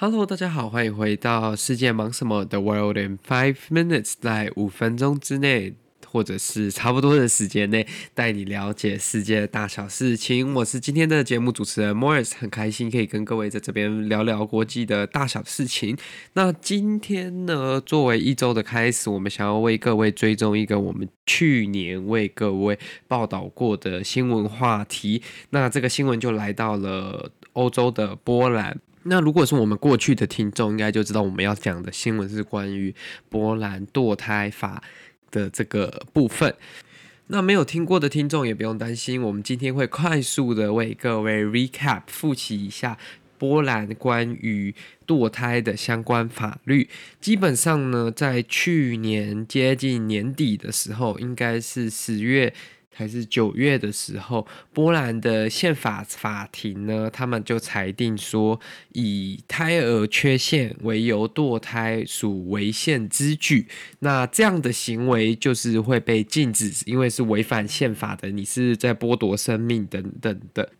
Hello，大家好，歡迎回到《世界忙什麼》The World in Five Minutes，在五分鐘之內，或者是差不多的時間內，帶你了解世界的大小事情。我是今天的節目主持人 Morris，很開心可以跟各位在這邊聊聊國際的大小事情。那今天呢，作為一周的開始，我們想要為各位追蹤一個我們去年為各位報道過的新聞話題。那這個新聞就來到了歐洲的波蘭。那如果是我們過去的聽眾，應該就知道我們要講的新聞是關於波蘭墮胎法的這個部分。那沒有聽過的聽眾也不用擔心，我們今天會快速的為各位 recap 複習一下波蘭關於墮胎的相關法律。基本上呢，在去年接近年底的時候，應該是十月。還是九月的時候，波蘭的憲法法庭呢，他們就裁定說，以胎兒缺陷為由墮胎屬違憲之舉。那這樣的行為就是會被禁止，因為是違反憲法的，你是,是在剝奪生命等等的。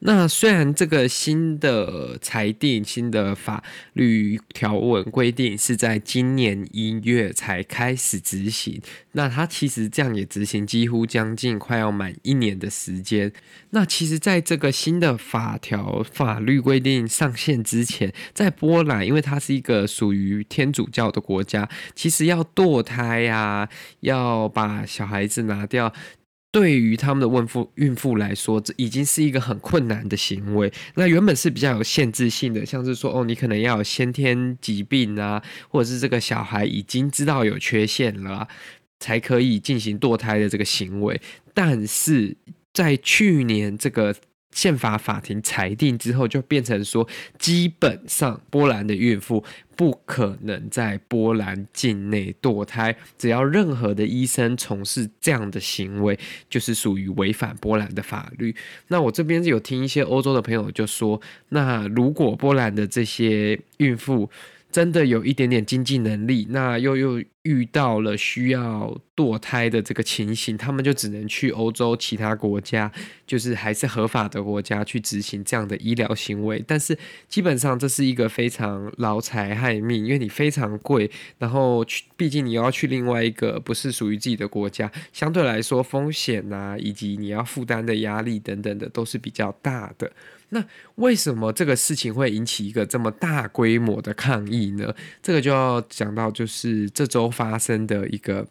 那雖然這個新的裁定、新的法律條文規定是在今年一月才開始執行，那它其實這樣也執行幾乎將近快要滿一年的時間。那其實，在這個新的法條法律規定上線之前，在波蘭，因為它是一個屬於天主教的國家，其實要墮胎呀、啊，要把小孩子拿掉。對於他們的孕婦孕婦來說，這已經是一個很困難的行為。那原本是比較有限制性的，像是說哦，你可能要有先天疾病啊，或者是這個小孩已經知道有缺陷了，才可以進行墮胎的這個行為。但是在去年這個。憲法法庭裁定之後，就變成說，基本上波蘭的孕婦不可能在波蘭境內墮胎。只要任何的醫生從事這樣的行為，就是屬於違反波蘭的法律。那我這邊有聽一些歐洲的朋友就說，那如果波蘭的這些孕婦，真的有一點點經濟能力，那又又遇到了需要墮胎的這個情形，他們就只能去歐洲其他國家，就是還是合法的國家去執行這樣的醫療行為。但是基本上這是一個非常勞財害命，因為你非常貴，然後去畢竟你要去另外一個不是屬於自己的國家，相對來說風險吶，以及你要負擔的壓力等等的都是比較大的。那為什麼這個事情會引起一個這麼大規模的抗議？這個就要講到，就是這周發生的一個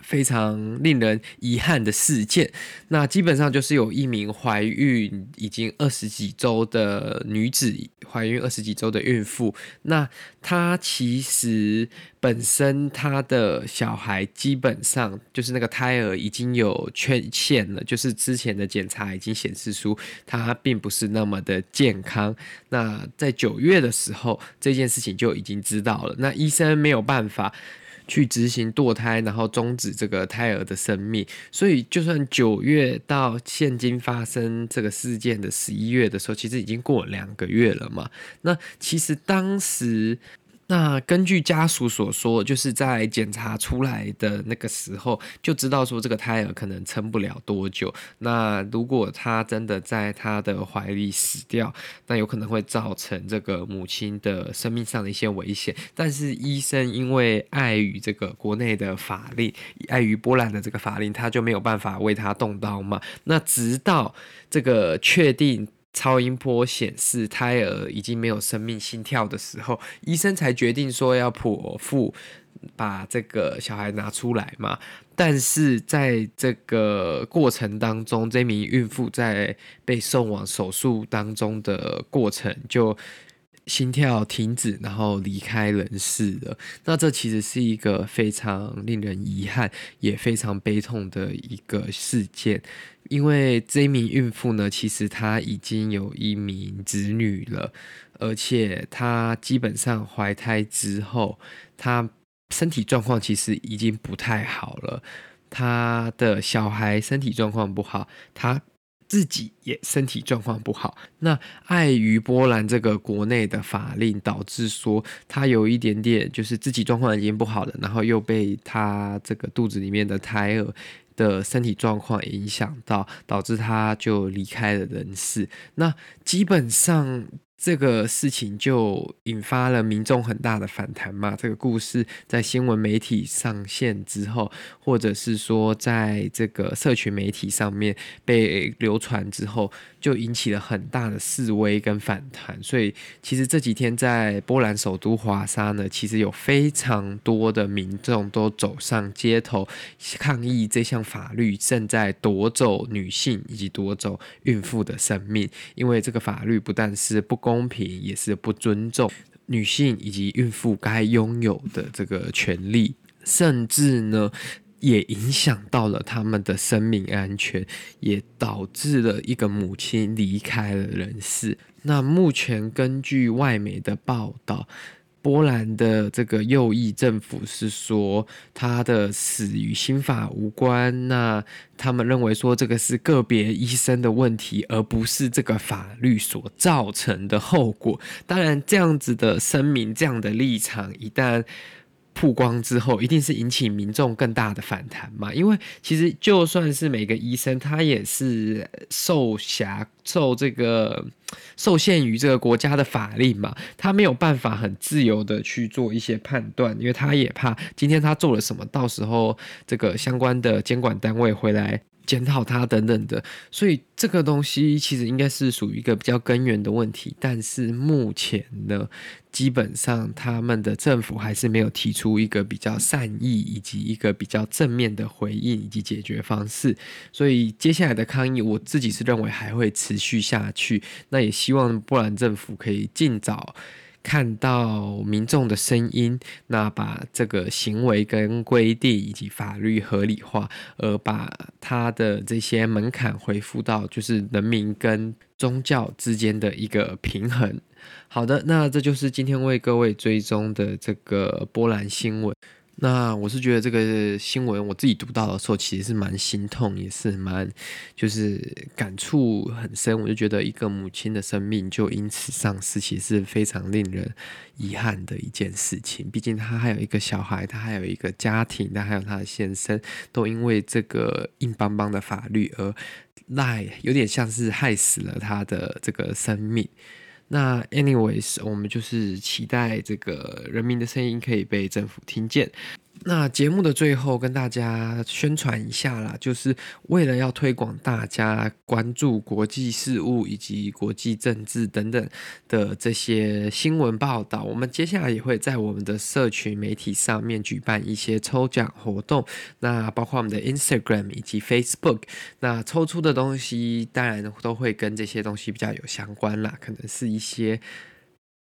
非常令人遺憾的事件。那基本上就是有一名懷孕已經二十幾周的女子，懷孕二十幾周的孕婦。那她其實本身她的小孩基本上就是那個胎兒已經有缺陷了，就是之前的檢查已經顯示出她並不是那麼的健康。那在九月的時候，這件事情就已經知道了。那醫生沒有辦法。去執行墮胎，然後終止這個胎兒的生命。所以，就算九月到現今發生這個事件的十一月的時候，其實已經過了兩個月了嘛。那其實當時。那根據家屬所說，就是在檢查出來的那個時候就知道說這個胎兒可能撐不了多久。那如果他真的在他的懷裡死掉，那有可能會造成這個母親的生命上的一些危險。但是醫生因為礙於這個國內的法令，礙於波蘭的這個法令，他就沒有辦法為他動刀嘛。那直到這個確定。超音波顯示胎兒已經沒有生命心跳的時候，醫生才決定說要剖腹把這個小孩拿出來嘛。但是在這個過程當中，這名孕婦在被送往手術當中的過程就心跳停止，然後離開人世了。那這其實是一個非常令人遺憾，也非常悲痛的一個事件。因為這一名孕婦呢，其實她已經有一名子女了，而且她基本上懷胎之後，她身體狀況其實已經不太好了。她的小孩身體狀況不好，她自己也身體狀況不好。那礙於波蘭這個國內的法令，導致說她有一點點就是自己狀況已經不好了，然後又被她這個肚子裡面的胎兒。的身體狀況影響到，導致他就離開了人世。那基本上。這個事情就引發了民眾很大的反彈嘛，這個故事在新聞媒體上線之後，或者是說在這個社群媒體上面被流傳之後，就引起了很大的示威跟反彈。所以，其實這幾天在波蘭首都華沙呢，其實有非常多的民眾都走上街頭抗議這項法律正在奪走女性以及奪走孕婦的生命，因為這個法律不但是不公。公平，也是不尊重女性以及孕婦該擁有的這個權利，甚至呢，也影響到了他們的生命安全，也導致了一個母親離開了人世。那目前根據外媒的報道。波蘭的這個右翼政府是說，他的死與新法無關。那他們認為說，這個是個別醫生的問題，而不是這個法律所造成的後果。當然，這樣子的聲明，這樣的立場，一旦。曝光之後，一定是引起民眾更大的反彈嘛。因為其實就算是每個醫生，他也是受轄、受這個受限於這個國家的法令嘛，他沒有辦法很自由的去做一些判斷，因為他也怕今天他做了什麼，到時候這個相關的監管單位回來。檢討他等等的，所以這個東西其實應該是屬於一個比較根源的問題，但是目前呢，基本上他們的政府還是沒有提出一個比較善意以及一個比較正面的回應以及解決方式，所以接下來的抗議，我自己是認為還會持續下去，那也希望波蘭政府可以盡早。看到民眾的聲音，那把這個行為跟規定以及法律合理化，而把他的這些門檻恢復到就是人民跟宗教之間的一個平衡。好的，那這就是今天為各位追蹤的這個波蘭新聞。那我是覺得這個新聞，我自己讀到的時候，其實是蠻心痛，也是蠻就是感觸很深。我就覺得一個母親的生命就因此喪失，其實是非常令人遺憾的一件事情。畢竟她還有一個小孩，她還有一個家庭，她還有她的先生，都因為這個硬邦邦的法律而賴，有點像是害死了她的這個生命。那，anyways，我們就是期待這個人民的聲音可以被政府聽見。那節目的最後跟大家宣傳一下啦，就是為了要推廣大家關注國際事務以及國際政治等等的這些新聞報道。我們接下來也會在我們的社群媒體上面舉辦一些抽獎活動，那包括我們的 Instagram 以及 Facebook。那抽出的東西當然都會跟這些東西比較有相關啦，可能是一些。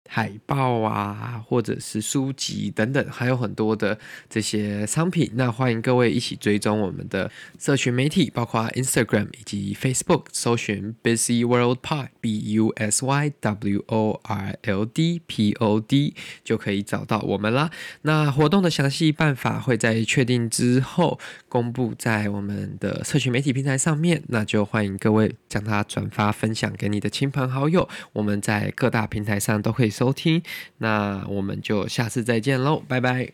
海報啊，或者是書籍等等，還有很多的這些商品。那歡迎各位一起追蹤我們的社群媒體，包括 Instagram 以及 Facebook，搜尋 Busy World Pod，B U S Y W O R L D P O D，就可以找到我們啦。那活動的詳細辦法會在確定之後公布在我們的社群媒體平台上面。那就歡迎各位將它轉發分享給你的親朋好友。我們在各大平台上都會。收聽，那我們就下次再見嘍，拜拜。